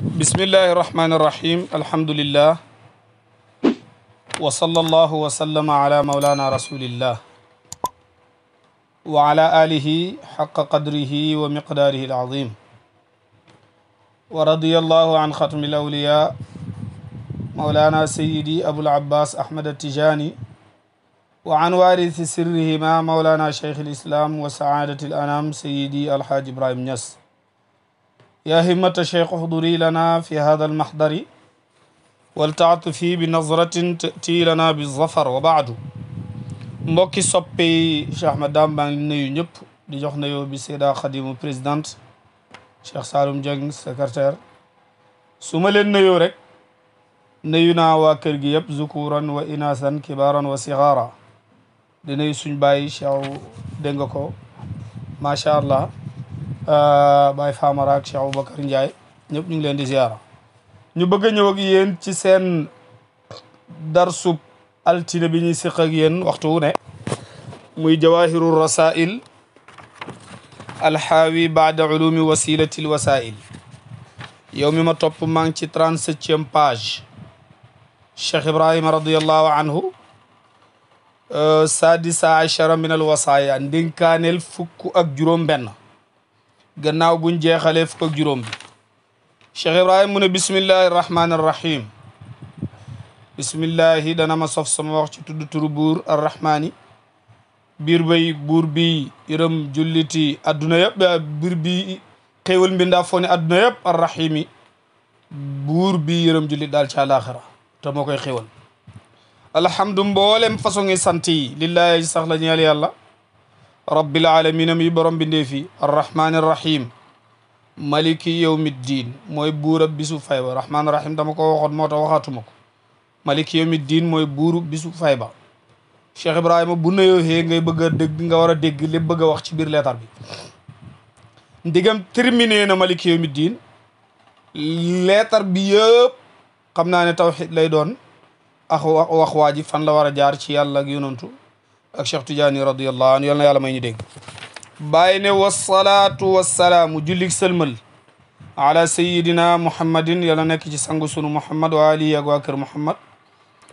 بسم الله الرحمن الرحيم الحمد لله وصلى الله وسلم على مولانا رسول الله وعلى آله حق قدره ومقداره العظيم ورضي الله عن ختم الأولياء مولانا سيدي أبو العباس أحمد التجاني وعن وارث سرهما مولانا شيخ الإسلام وسعادة الأنام سيدي الحاج إبراهيم نصر يا همة الشيخ احضري لنا في هذا المحضر والتعطفي بنظرة تأتي لنا بالظفر وبعد mbokki soppe yi Cheikh Ahmed Dame maa ngi nuyu ñëpp di jox na yow bi Seyda Khadimu présidente Cheikh Saloum Dieng secrétaire su ma leen nuyoo rek nuyu naa waa kër gi yëpp zukuran wa inasan kibaran wa sigaara di nuyu suñ bàyyi Cheikh dégg nga ko macha allah باي فامراك شيخ ابو بكر نجاي نيب نيغي لين دي زياره ني بغا نيو اك يين سي سين درسو التينه بي ني سيخ اك يين وقتو ني موي جواهر الرسائل الحاوي بعد علوم وسيله الوسائل يومي ما توب مانغ سي 37 باج شيخ ابراهيم رضي الله عنه السادسة عشر من الوصايا ندين كان الفك اك جوروم بن gannaaw buñ jeexalee fukk ak juróom bi cheikh ibrahima mu ne bismillahi arrahmani arrahim bismillahi dana ma sof sama wax ci tudd turu buur arrahmaani biir bay buur bi yërëm julliti adduna yëpp biir bi xéewal mbindaa foo ne adduna yëpp arrahimi bi yërëm jullit daal ci àlaxira te moo alhamdu mboolem façon ngi lillahi sax la ñeel yàlla رب العالمين mi borom bi ndeefi arrahmaani rahim maliki yawmi diin mooy buurab bisu fay ba rahmaani rahim dama ko waxoon moo tax waxaatuma ko maliki yawmi diin mooy buuru bisu fay ba Cheikh Ibrahima bu nuyoo xee ngay bëgg a dégg nga war a lépp bëgg wax ci biir leetar bi ndigam terminé na maliki yawmi din leetar bi yëpp xam naa ne tawxid lay doon ak wax waa fan la war jaar ci yàlla ak yonantu ak Cheikh Tidiane radiyallahu anhu yalla yàlla may ñu dégg bàyyi ne wa salam julik sëlmal ala sayidina muhammadin yàlla nek ci sangu sunu muhammad wa ali ak waa muhammad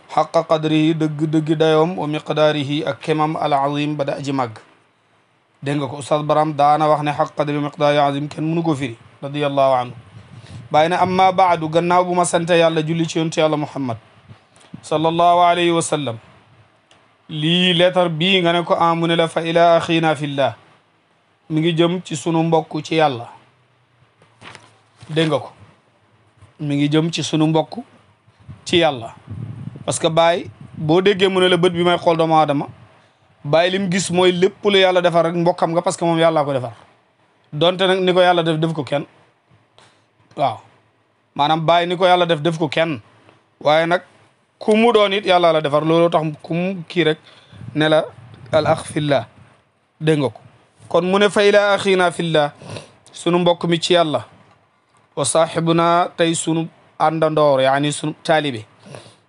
حق قدره دغ دغ دايوم ومقداره اكمم العظيم بدا al azim ba استاذ برام دانا واخني حق قدر مقدار عظيم كن منو فيري رضي الله عنه azim اما بعد غناو بما radiallahu anhu جولي na amma محمد صلى الله عليه وسلم yàlla muhammad sallallahu lii leetar bii nga ne ko amu ne la fa ila axina fillah mi ngi jëm ci sunu mbokk ci yàlla dégg nga ko mi ngi jëm ci sunu mbokk ci yàlla parce que baay boo déggee mu ne la bët bi may xool doomu aadama baay lim gis mooy lépp lu yàlla defar rek mbokkam nga parce que moom yàllaa ko defar donte nag ni ko yàlla def def ko kenn waaw maanaam baay ni ko yàlla def def ko kenn waaye nag kumu do nit yalla la defar lolo tax kum ki rek ne la al akh fillah de nga kon mu fa ila akhina fillah sunu mbok mi ci yalla wa sahibuna tay sunu andandor yani sunu taalibe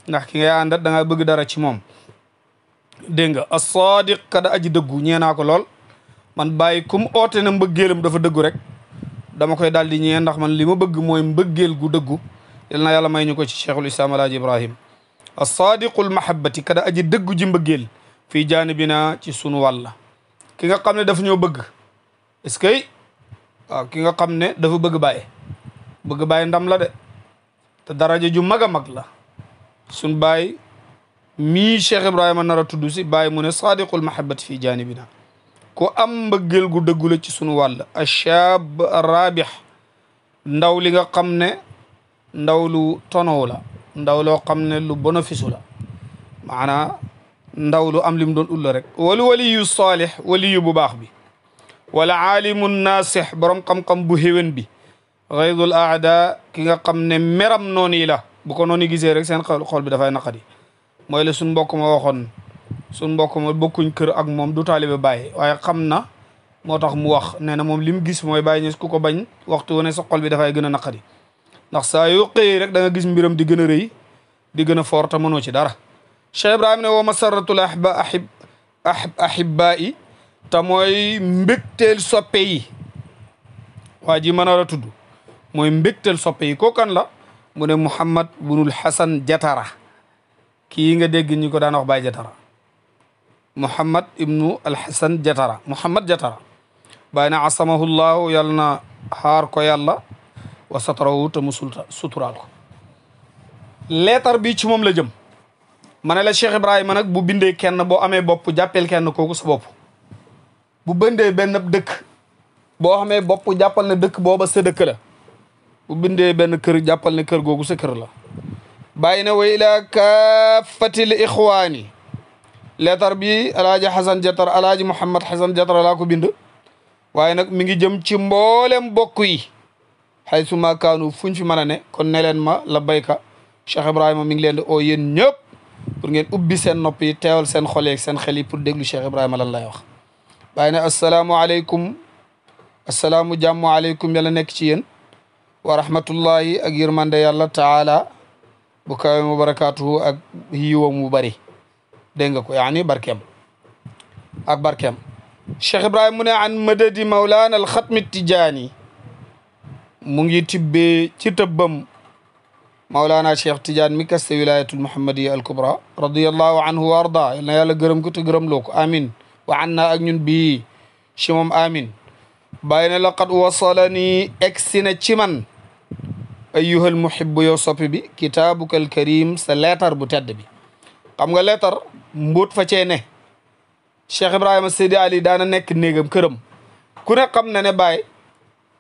ndax ki ngay àndat da nga bëgg dara ci mom de nga kada aji dëggu ñee ko lol man bàyyi kum na mbëggeelam dafa deggu rek dama koy daldi ñe ndax man limu ma bëgg mooy mbëggeel gu deggu yalla na may ñuko ci cheikhul islam alaaji ibrahim الصادق المحبة كذا أجي دغ جيم بغيل في جانبنا تي سونو والا كيغا خامني داف نيو بغ اسكي كيغا خامني داف بغ باي بغ باي ندام لا دي تا دراجي جو ماغا ماغ لا سون باي مي شيخ ابراهيم نارا تودوسي باي مون صادق المحبة في جانبنا كو ام بغيل غو دغولا تي سونو والا الشاب الرابح ndaw li nga xamne ndawlu tonola ndaw lo xamne lu bénéfice la maana ndaw lu am lim doon ul rek wal waliyu salih waliyu bu bax bi wala alimun nasih borom xam-xam bu hewen bi xaydul a'da ki nga xamne meram noni la bu ko noni gisee rek seen xol bi dafay naqadi moy la suñ mbokk ma waxon suñ mbokk ma bokkuñ kër ak mom du talibé baye waye xamna motax mu wax neena mom lim gis moy baye ñu ku ko bañ waxtu woné sa xol bi dafay gën a naqadi ndax sa yu xey rek da nga gis mbiram di gëna a di gëna a forta mëno ci dara Cheikh ibrahim ne woo masarratul ahba ahib ahib ahibai ta moy mbektel soppe yi waji ji mën a tudd mooy mbégteel soppe yi ko kan la mu ne Muhammad al Hasan Jatara ki nga dégg ñi ko daan wax bay Jatara محمد ابن الحسن جتارا محمد جتارا بين عصمه الله يلنا هار yàlla na wa satarawu te mu leetar bi ci moom la jëm ma ne la Cheikh Ibrahima nag bu bindee kenn boo amee bopp jàppeel kenn kooku sa bopp bu bindee benn dëkk boo xamee bopp jàppal na dëkk booba sa dëkk bu bindee benn kër jàppal ne kër googu sa kër la bàyyi na wa ilaa kaafatil ixwaani leetar bi alaaji Xasan Jatar alaaji Mouhamed Xasan Jatar laa ko bind waaye nag mi ngi jëm ci mboolem bokk yi xaysuma kaanu fuñ fi mën a ne kon ne leen ma la bayka Cheikh Ibrahima mi ngi leen di oo yéen ñëpp pour ngeen ubbi seen nopp yi teewal seen xol yeeg seen xel yi pour déglu Cheikh Ibrahima lan lay wax bàyyi ne asalaamualeykum asalaamu jàmm aleykum yàlla nekk ci yéen wa rahmatullahi ak yërmande yàlla taala bu kawe mu barakaatuhu ak yiwam mu bari dégg nga ko yaani barkeem ak barkeem Cheikh Ibrahima mu ne an madadi mawlaana alxatmi tijaani مونجي تبي تتبم مولانا شيخ تجان ميكاس ولاية المحمدية الكبرى رضي الله عنه وارضى إلا يالا جرم كنت جرم لوك آمين وعنا أجن بي شمم آمين باين لقد وصلني اكسنا شمان أيها المحب يوصف بي كتابك الكريم سلاتر بتد بي قمغا لاتر مبوت فچينه شيخ إبراهيم السيدي علي دانا نك نيغم كرم كنا قمنا نباي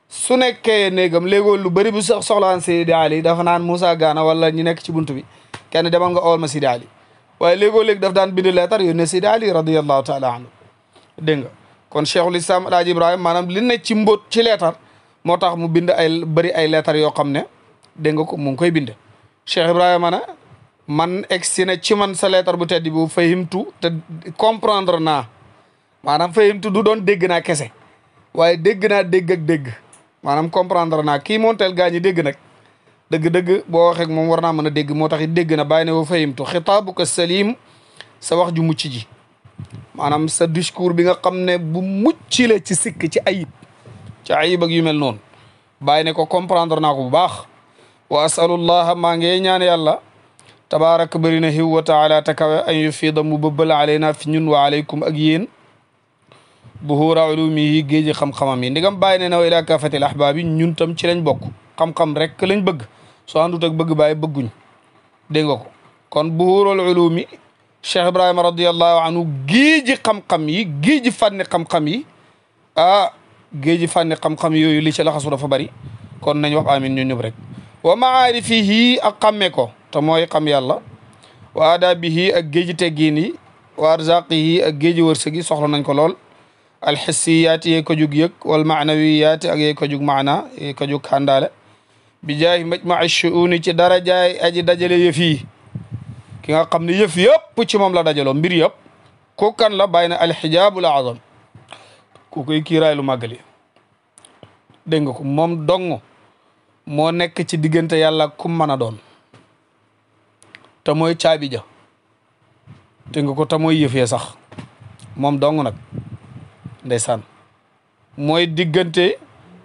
su nekkee néegam léegoo lu bëri bu soxlaan Seydi Ali dafa naan Moussa gaana wala ñu nekk ci buntu bi kenn demal nga ool ma Seydi Ali waaye léegoo léegi daf daan bind leetar yónnee Seydi Ali radiyallahu taala anhu dégg nga kon cheikhul islam Alaaji Ibrahima maanaam li nekk ci mbóot ci leetar moo tax mu bind ay bëri ay leetar yoo xam ne dégg nga ko mu koy bind Cheikh Ibrahima na man egsi na ci man sa leetar bu tedd bu fahimtu te comprendre naa maanaam fahimtu du doon dégg naa kese waaye dégg naa dégg dégg maanaam comprendre naa kii moom teel gaa ñi dégg nag dëgg-dëgg boo waxee moom war naa mën a dégg moo tax it dégg na bàyyi ne wa fahimtu xitaabuka salim sa wax ju mucc ji maanaam sa discours bi nga xam ne bu mucc la ci sikk ci ayib ci ayib ak yu mel noonu bàyyi ne ko comprendre naa ko bu baax wa asalullaha maa ngi ñaan yàlla tabaaraka bëri na xiw ta taala takawe an yufida mu bëbbal naa fi ñun wa aleykum ak yéen buhuura ulumihi géeji xam-xamam yi ndigam bàyyi ne na wa ilaa kaafatil ahbaab yi ñun tam ci lañ bokk xam-xam rek lañ bëgg soo àndut ak bëgg bàyyi bëgguñ dégg nga ko kon buhuurul ulumi cheikh ibrahima radiallahu anhu géeji xam-xam yi géeji fànni xam-xam yi ah géeji fànni xam-xam yooyu li ci laxasu dafa bari kon nañ wax amin ñun ñëpp rek wa maarifihi ak xàmmee ko te mooy xam yàlla wa aadaabihi ak géeji teggiin yi wa arzaqihi ak géeji wërsëg yi soxla nañ ko lool alxissiyaati yee ko jug yëg wal maanawiyaati ak yee ko jug maana yee jug xàndaale bi jaay majmaa shuuni ci dara jaay aji dajale yëf yi ki nga xam ne yëf yëpp ci moom la dajaloo mbir yëpp ku kan la bàyyi na alxijaabul azam ku koy kiiraay lu nga ko moom dong moo nekk ci diggante yàlla ku mën a doon te mooy caabi ja dégg ko te mooy yëf yee sax moom dong nag ndeysaan mooy diggante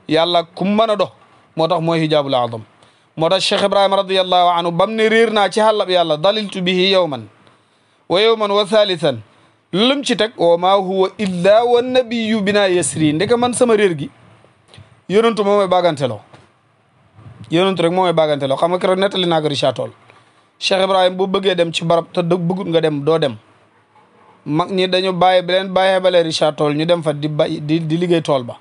yàlla ku mën a dox moo tax mooy hijaabul azam moo tax Cheikh Ibrahima radiallahu anhu bam ne réer naa ci xàllab yàlla daliltu bihi yowman wa yowman wa thalithan lum ci teg wa maa huwa illa wa nabiyu bina man sama réer gi yonentu moo may bàgganteloo yonentu rek moo may xam nga keroog nettali naa ko Richard Toll Cheikh Ibrahima bëggee dem ci barab te dëgg bëggut nga dem doo dem mag ñi dañu bàyyi bi leen bàyyee balee Richard Toll ñu dem fa di bay di di liggéey tool ba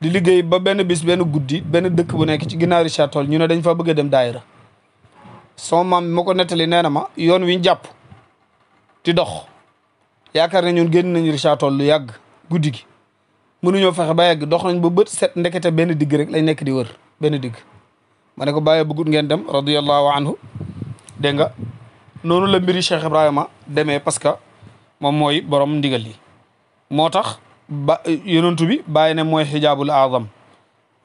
di liggéey ba benn bis benn guddi benn dëkk bu nekk ci ginnaaw Richard Toll ñu ne dañ fa bëgg a dem daayira sama maam bi ma ko nettali nee ma yoon wi ñu jàpp di dox yaakaar ne ñun génn nañu Richard Toll lu yàgg guddi gi mënuñoo fexe ba yàgg dox nañ ba bët set ndekete benn digg rek lañ nekk di wër benn digg ma ne ko bàyyee bëggut ngeen dem radiyallahu anhu dégg nga noonu la mbiri Cheikh Ibrahima demee parce que moom mooy borom ndigal li moo tax ba yonentu bi bàyyi ne mooy xijaabul aazam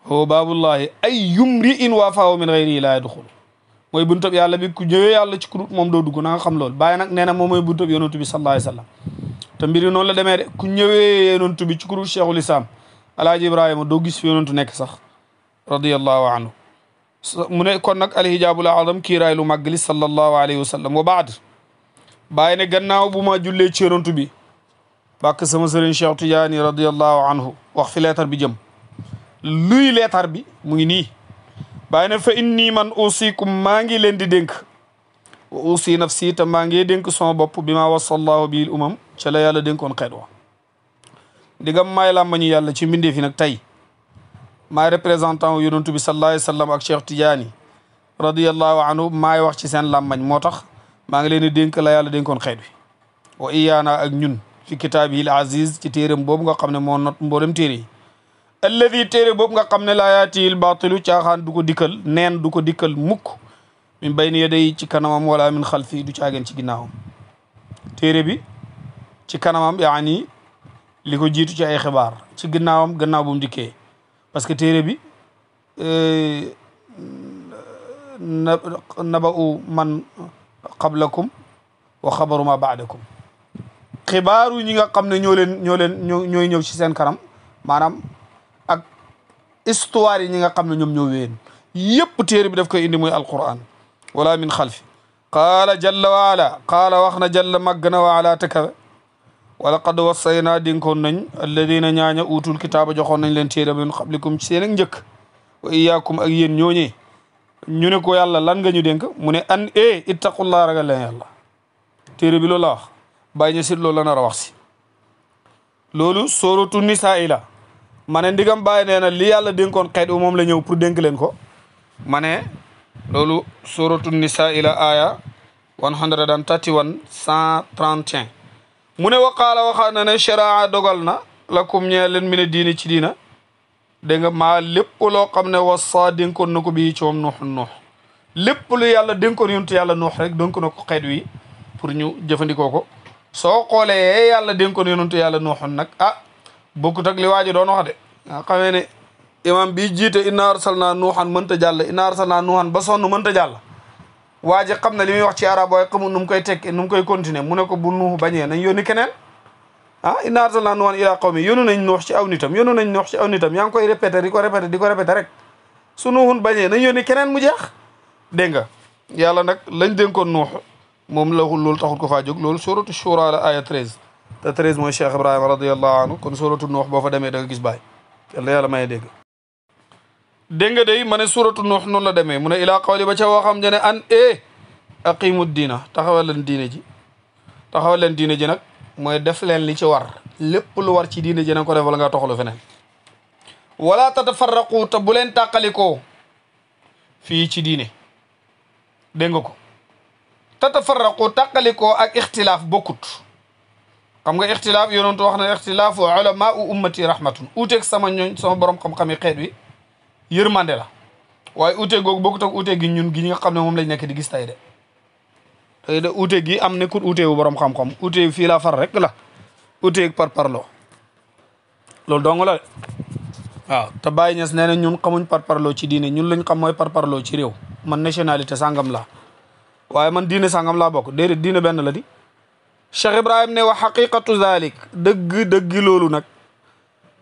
huwa baabullahi ay yumri in waafahu min gayrihi laa yadxulu mooy buntab yàlla bi ku ñëwee yàlla ci kurut moom doo dugg na xam loolu bàyyi nag nee na moom mooy buntab yonentu bi sallallahu alayhi wasallam te mbir yi noonu la demee de ku ñëwee yonentu bi ci kurut cheikhul islam alaaji ibrahima doo gis fi yonentu nekk sax radiyallahu anhu mu ne kon nag alhijaabul aazam kiiraay lu màgg li sallallahu alayhi wasallam wa baad bàyyi gannaaw buma julle ci yonantu bi bak sama serigne Cheikh Tidiane radiyallahu anhu wax fi leetar bi jëm luy leetar bi mu ngi ni bàyyi fa inni man usikum maa ngi leen di dénk wa usi nafsi ta maa ngi dénk sama bop bi ma wasallahu bil umam ca la yàlla denkon xedwa digam may lam ñu yàlla ci minde fi nak tay may représentant wu bi sallallahu alayhi wasallam ak Cheikh Tidiane radiyallahu anhu may wax ci sen làmmañ motax maa ngi leen di dénk la yàlla dénkoon xeet wi wa iyaana ak ñun fi kitaabil aziz ci téeréem boobu nga xam ne moo not mboolem téere yi alladi téere boobu nga xam ne laa yaatihil baatilu caaxaan du ko dikkal neen du ko dikkal mukk min bayni yaday ci kanamam wala min xalfi du caageen ci ginnaawam téere bi ci kanamam yaani li ko jiitu ci ay xibaar ci ginnaawam gannaaw bu mu dikkee parce que téere bi naba'u man qablakum wa xabaru ma baadakum xibaaru ñi nga xam ne ñoo leen ñoo leen ñooy ñëw ci seen kanam maanaam ak histoire yi ñi nga xam ne ñoom ñoo wéen yépp téere bi daf koy indi muy alquran wala min xalfi qaala jalla wa ala qaala wax na jalla màgg na wa ala te kawe wa laqad wasaynaa dénkoon nañ alladina ñaaña uutul kitaaba joxoon nañ leen téere min qablikum ci seen ak njëkk wa iyaakum ak yéen ñooñee ñu ne ko yàlla lan nga ñu dénk mu ne an e ittaqullah ragal leen yàlla téere bi loolu la wax bàyyi ñu sit loolu la nar a wax si loolu sóoratu nisaa yi la ma ne ndigam bàyyi nee na li yàlla dénkoon xeet u moom la ñëw pour dénk leen ko ma ne loolu sóoratu nisaa yi la aaya one hundred and thirty one cent trente et mu ne waqaala waxaa na ne sharaa dogal na la ñee leen mi ne diini ci diina dégg nga maa lépp loo xam ne wasa dénkoon na ko bii ci moom nuux nuux lépp lu yàlla dénkoon yontu yàlla nuux rek dénk na ko xeet wi pour ñu jëfandikoo ko soo xoolee yàlla dénkoon yontu yàlla nuuxoon nag ah bokkut ak li waa ji doon wax de nga xamee ne imam bii jiite inna arsalna nuuxan mënta jàll inna arsalna nuuxan ba sonn mënta jàll waa ji xam na li muy wax ci arab waaye xamul nu mu koy tekki nu mu koy continuer mu ne ko bu nuux bañee nañ yónni keneen ah inna arsalnaa nuuhan ilaa qawmi yónnu nañ noox ci aw nitam yónnu nañ noox ci aw nitam yaa ngi koy répété di ko répété di ko répété rek su nuuhun bañee nañ yónni keneen mu jeex dégg nga yàlla nag lañ dénkoon nuux moom la loolu taxul ko faa jog loolu suratu shura la aya treize te treize mooy cheikh ibrahima radiallahu anhu kon suratu nuux boo fa demee da gis baay yàlla yàlla may dégg dégg nga day ma ne suratu nuux noonu la demee mu ne ilaa qawli ba ca waxam ne an e eh, aqimu diina taxawal leen diine ji taxawal leen diine ji nag moy def len li ci war lepp lu war ci diine jëna ko def wala nga toxlu fenen wala tatafarraqu ta bu len takaliko fi ci diine de nga ko tatafarraqu takaliko ak ikhtilaf bokut xam nga ikhtilaf yonentu wax na ikhtilaf ulama u ummati rahmatun Utek sama ñoon sama borom xam-xami xet wi yermande la way Utek gog bokut ak utek gi ñun gi nga xamne mom lañ nekk di gis tay de outé eh, gi am outé wu borom xam-xam outé fi la far rek la uteeg par parlo lol dong la wa ta te Baye Niass nee ñun xamuñ par parlo ci diine ñun lañ xam moy par parlo ci rew man nationalité sangam la waye man diine sangam la bok déedéet diine ben la di Cheikh Ibrahim ne wa haqiqatu zalik deug deug loolu nak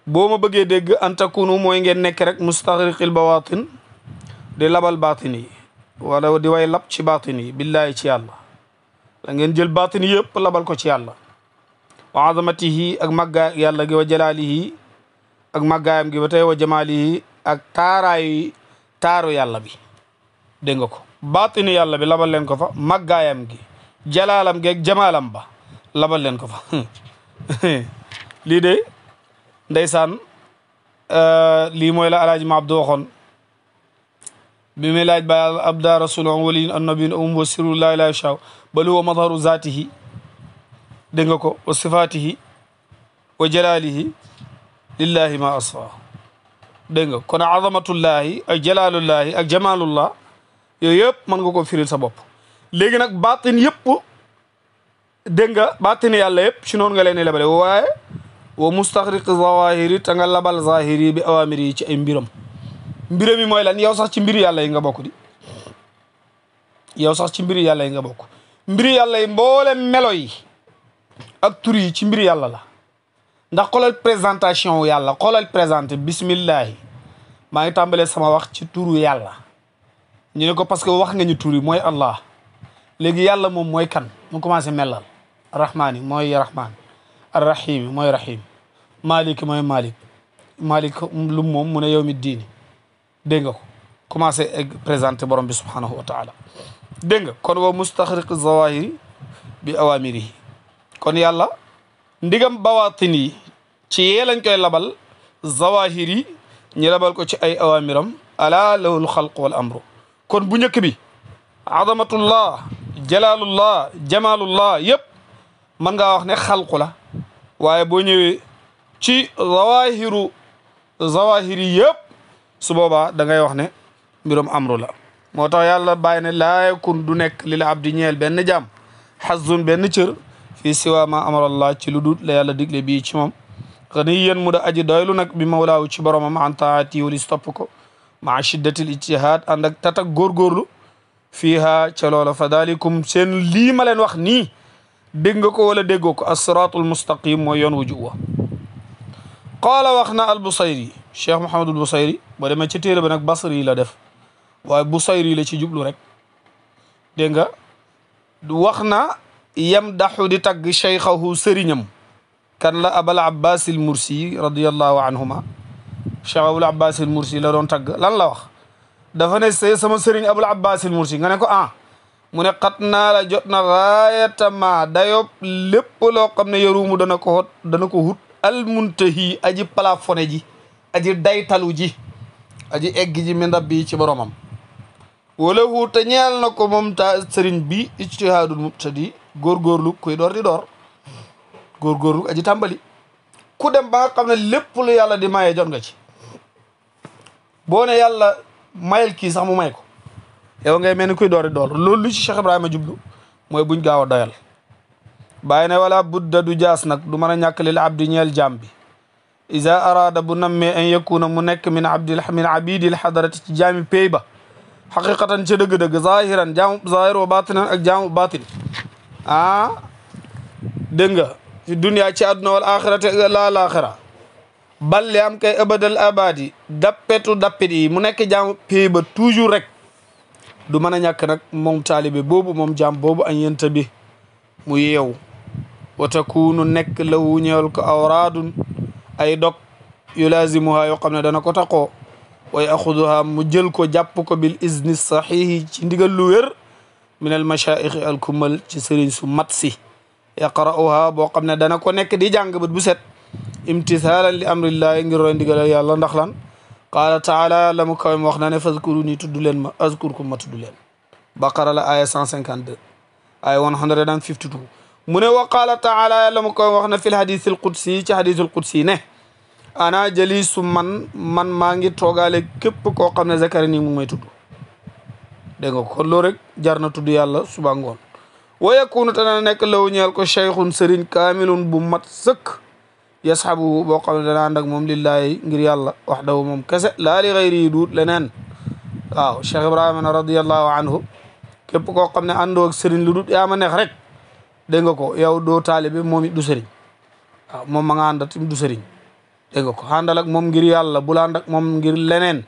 boma ma bëggee anta kunu takunu ngeen nek rek mustaghriqil bawatin de labal batini wala di way lab ci batini billahi ci yàlla ngeen jël baatin yëpp labal ko ci yàlla wa azamatihi ak màggaay yàlla gi wa jalaalihi ak màggaayam gi ba wa jamaalihi ak taaraayu taaru yàlla bi dégg nga ko baatinu yàlla bi labal leen ko fa màggaayam gi jalaalam gi ak jamaalam ba labal leen ko fa lii de ndeysaan euh, lii mooy la alaaji ma abdu waxoon bi muy laaj ba abda rasul am waliin annabiyun amum wa sirru laa ilaaha illaa bal huwa madharu zaatihi dégg nga ko wa sifaatihi wa jalaalihi lillahi ma asfa dégg nga kon azamatullahi ak jalaalullahi ak jamaalullah yooyu yëpp mën nga koo firil sa bopp léegi nag baatin yëpp dégg nga baatin yàlla yëpp ci noonu nga leen lebale waaye wa mustaxriq zawahiri ta nga labal zahiri bi awamiri yi ci ay mbiram mbiré mi moy lan yow sax ci mbir yàlla yi nga bokku di yow sax ci mbir yàlla yi nga bokku mbir yàlla yi mbole melo yi ak tour yi ci mbir yàlla la ndax xoolal présentation yàlla xoolal presenter bismillah ma ngi tambalé sama wax ci turu yàlla ñu ne ko parce que wax nga ñu tur yi mooy allah léegi yàlla mom moy kan mu commencé melal rahmaani mooy rahmaan arrahimi mooy rahim malik mooy malik malik lu moom mu ne yow mi diini dégg nga ko commencé egg présenté borom bi subhanahu wa taala dégg nga kon wa mustaxriq zawahiri bi awamirihi kon yàlla ndigam bawatin yi ci yee lañ koy labal zawahir yi ñu labal ko ci ay awamiram ala lahul xalq wal amru kon bu njëkk bi azamatullah jalaalullah jamaalullah yëpp mën ngaa wax ne xalqu la waaye boo ñëwee ci zawahiru zawahir yi yëpp su boba da ngay wax ne mbirum amru la motax yàlla bayne la yakun du nek lil abdi ñeel ben jam hazun ben cieur fi siwa ma amara allah ci ludut la yàlla digle bi ci moom ganiyan mu da aji doylu nak bi mawlaawu ci boromam an taati wali stop ko ma shiddati al ijtihad andak tata gor gorlu ca loola fa dalikum seen lii ma leen wax nii dégg nga ko wala déggoo ko assiraatul mustaqim mooy yoon wu juwa qaala wax cheikh Mouhamadul Busayri boo demee ci téere ba nag Basri la def waaye Busayri la ci jublu rek dégg nga wax na yam daxu di tagg cheikhahu sëriñam kan la abal abbas il mursi radiallahu anhuma cheikh abul abbas il mursi la doon tagg lan la wax dafa ne se sama sëriñ abul abbas il mursi nga ne ko ah mu ne xat naa la jot na raayatama dayob lépp loo xam yarumu dana hot dana hut al muntahi aji plafonné aji daytalu ji aji egg ji min rabbi ci boromam wala hu te ñeel na ko moom ta sëriñ bi ijtihaadul mubtadi góorgóorlu kuy door di door góorgóorlu aji tàmbali ku dem ba nga xam ne lépp lu yàlla di maye jot nga ci boo ne yàlla mayel kii sax mu may ko yow ngay mel ni kuy door di door loolu lu ci Cheikh Ibrahima jublu mooy buñ gaaw a doyal bàyyi ne wala budda du jaas nag du mën a ñàkk lil abdi ñeel jaam bi isa araada bu nammee an yakuna mu nekk min abdil min abidil xadarati ci jaami pay ba xaqiqatan ca dëgg zahiran jaamu batinan ak jaamu batin ah dégg nga fi ci àdduna wal axirate laal axira balle am kay abadal abadi dappetu dappet yi mu nekk jaamu pay ba toujours rek du mën a ñàkk nag moom taalibe boobu moom jaam boobu an yenta bi mu yeew wa takunu nekk lawu ñëwal ko awraadun ay dog yu lazimuha yoo xam ne dana ko taqoo way axuduha mu jël ko jàpp ko bil izni saxihi ci ndigal lu wér min al machaixi al kumal ci sëriñ su mat si yaqra'uha boo xam ne dana ko nekk di jàng bët bu set imtisaalan li amrillahi ngir roy ndigal yàlla ndax lan qaala taala la mu kawem wax na ne fazkuru ni tudd leen ma azkurkum ma tudd leen baqara la aya 152 aya 152 مني وقال تعالى يعلم كم وحنا في الحديث القدسي تحديث القدسي نه أنا جليس من من مانجي توغال كيب كو قمنا ذكرني مومي تدو دعو كلورك جارنا تدو الله سبحانه ويكون تنا نكلو نيال كو شيخ سرين كامل بمت سك يسحبه بقمنا دنا عندك مم لله غري الله وحده مم كس لا لغير يدود لنن آه شيخ إبراهيم رضي الله عنه كيب كو عندك سرين لدود يا من خرج dégg ko yow do taalibe momi du sëriñ ah, mom ma nga andat du sëriñ dégg ko handal ak mom ngir yalla bu land ak mom ngir lenen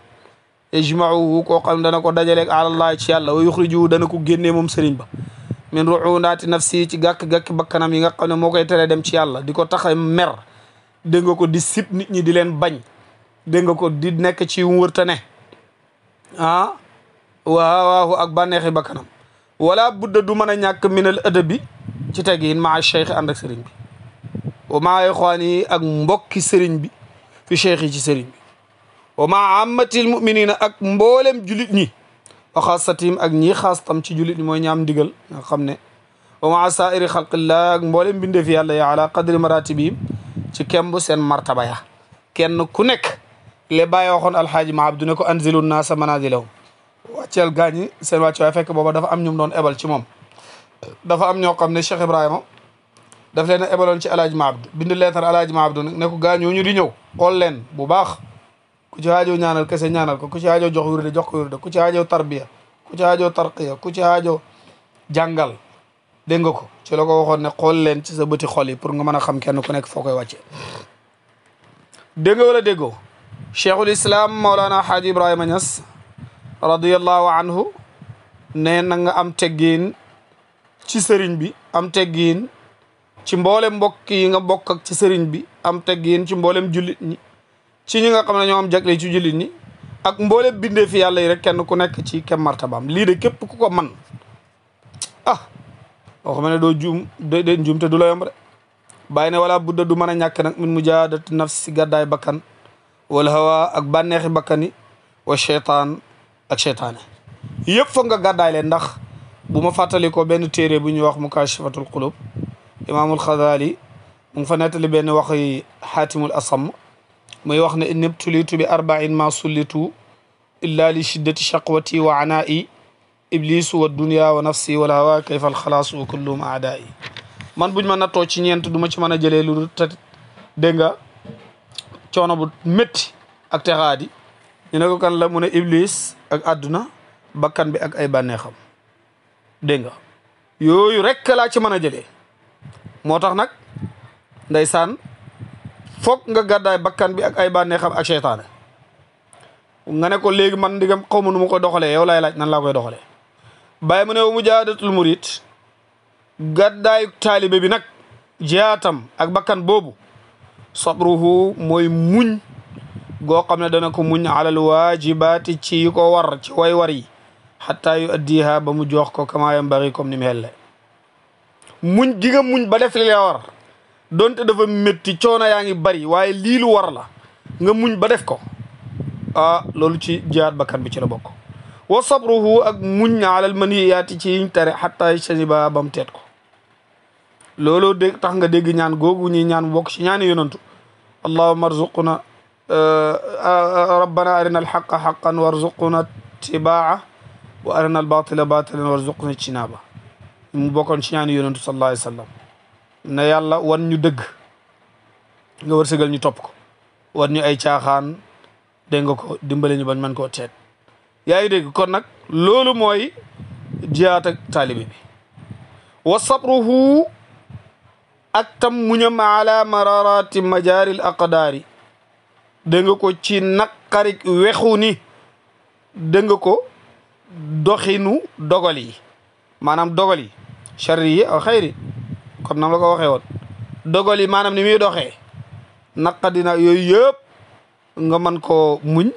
ijmauhu ko xam dana ko dajaleeg allah ci yalla dana ko génnee mom sëriñ ba min ru'unati nafsi ci gak gak bakkanam yi nga xam ne koy dem ci yalla diko ko mer dégg ko di sip nit ñi di len bañ dégg ko di nek ci wërta ne ah waawaahu ak banexi bakkanam wala budda du mën ñak min al adabi ci teggin ma cheikh ànd ak serigne bi wa maa ixwaani ak mbokki serigne bi fi cheikh yi ci serigne bi wa maa ammatil muminina ak mbollem julit ñi wa xaasatim ak ni xaas ci julit ñi moy ñam digal nga xamne ne ma sa'ir saairi xalqillah ak binde fi yàlla ya ala qadr maratibi ci kembu sen martaba ya kenn ku nek le waxon al alxaaji ma abdu ne ko anzilu naasa manazilahum wàcceel gaañi seen wàcc fek fekk dafa am ñum doon ebal ci mom dafa am ño xamne Cheikh Ibrahima daf leena ebalon ci alaaj mabd bind leetar alaaj mabd nag ne ko gaañoo ñu di ñëw xol leen bu baax ku ci aajoo ñaanal kesse ñaanal ko ku ci aajoo jox wirde jox ko wirde ku ci aajoo tarbiya ku ci aajoo tarqiya ku ci aajoo jàngal de nga ko ci lako waxon ne xol leen ci sa beuti xol yi pour nga mën xam kenn ku nek foo wàcce de nga wala dego cheikhul islam maulana haaji ibrahima Niass radiyallahu anhu ne nga am teggine ci sëriñ bi am teggine ci mboolem mbokk yi nga bokk ak ci sëriñ bi am teggine ci mboolem julit ni ci ñi nga xamna ñoo am ci julit ni ak mboolem bindé fi yalla yi rek kenn ku nekk ci kem martabam li de képp ku ko man ah oo xam do joom de de joom té du la yom bayina wala budda du mëna ñak nak min mujaadatu nafsi gaday bakkan wala hawa ak banexi bakkani wa shaytan ak cheytaane yépp fa nga gaday lé ndax buma fatali ko ben téré buñu wax mukashifatul qulub imaamul xazaali mu ngi fa nettali benn hatim al asam muy wax ne innibtulitu bi arbain ma sulitu illa li shiddati shaqwati wa ana'i iblisu wa dunya wa nafsi wala hawa kayfa khalas wa kullum aadaa'i man buñ ma nattoo ci ñent duma ci mëna jëlé lu de nga ciono bu métti ak texaadi ñu ne ko kan la mu ne iblis ak aduna bakkan bi ak ay banexam dégg nga yooyu rek laa ci mën a jëlee moo tax nag saan foog nga gàddaay bakkan bi ak ay bànneexam ak seytaane nga ne ko léegi man ndigam xaw ma nu ma koy doxalee yow laay laaj nan laa koy doxalee bàyyi mu ne mu wa mujaadatul murid gàddaayu taalibe bi nag jihaatam ak bakkan boobu sabruhu moy muñ goo xam ne dana ko muñ alal waajibaati ci ko war ci way war yi xataa yu addiha ba mu jox ko kama yambari comme ni mu xelle muñ gi muñ ba def li la war donte dafa metti coono yaa ngi bari waaye lii war la nga muñ ba def ko ah loolu ci jihaad bakkan bi ci la bokk wa sabruhu ak muñ alal maniyaati ci yiñ tere xataa saniba ba mu teet ko looloo dégg tax nga dégg ñaan googu ñuy ñaan bokk ci ñaani yonantu allahuma arzuquna eh, eh, rabbana arina alxaqa xaqan warzuquna tibaa waa arina al batila batilan warzuqna ijtinaba mu bokkoon ci ñaani yonentu sallallahu alayhi wa sallam ne yàlla wan ñu dëgg nga wërsëgal ñu topp ko wan ñu ay caaxaan dégg nga ko dimbale ñu bañ man koo teet yaa ngi dégg kon nag loolu mooy jiyaat ak taalibe bi wa sabruhu ak tam muñam ala mararati majaaril aqdaari dégg nga ko ci naqarik wexu ni dégg nga ko doxinu dogal yi maanaam dogal yi charri yi aw xayri comme nam la ko waxee woon dogal yi maanaam ni muy doxee naqadina yooyu yëpp nga mën koo muñ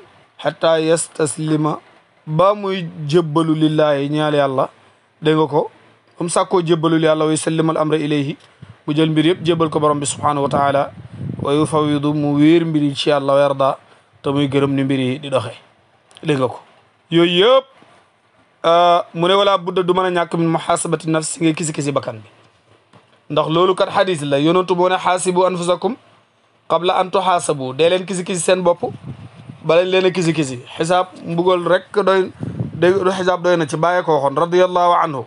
xata yastaslima ba muy jébbalu lillaahi ñaal yàlla dégg nga ko am sàkkoo jébbalul yàlla way sallimal amra ilayhi mu jël mbir yëpp jébbal ko borom bi subhanahu wa taala wa yufawidu mu wéer mbir yi ci yàlla werda te muy gërëm ni mbir yi di doxee dégg nga ko yooyu yëpp Euh, mu ne walaa budda du mën a ñàkk min muhaasabati nafsi ngay kisi kisi bakkan bi ndax loolu kat xadis la yonentu boo ne xaasibu anfusakum qabla an tuxaasabu dee leen kisi kisi seen bopp bala leen a kisi kisi xisaab mbugal rek doy du xisaab doy na ci bàyyee ko waxoon radiallahu anhu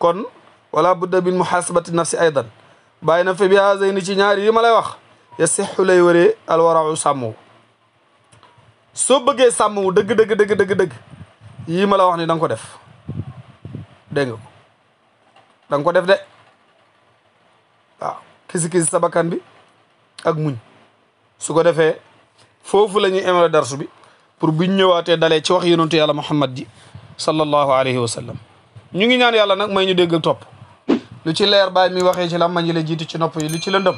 kon wala budda min muhaasabati nafsi aydan bàyyi na fa bi haasayni ci ñaar yi ma lay wax ya sixu lay waree alwarau sàmm wu soo bëggee sàmm wu dëgg yii ma la wax ni da ko def dégg nga ko ko def de waaw kisi kisi sa bakkan bi ak muñ su ko defee foofu la ñuy emale darsu bi pour buñ ñëwaatee dalee ci wax yonentu yàlla muhammad ji sallallahu alayhi wa sallam ñu ngi ñaan yàlla nag may ñu dégg topp lu ci leer baay mi waxee ci làmmañ yi la jiitu ci nopp yi lu ci lëndëm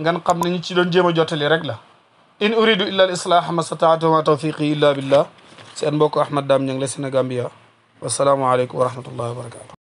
ngan kam ne ñu ci doon jéem a jottali rek la in uridu illa al islaaha ma stataatu ma tawfiqi illa billah سين بوكو احمد دام نيغلي سينا غامبيا والسلام عليكم ورحمه الله وبركاته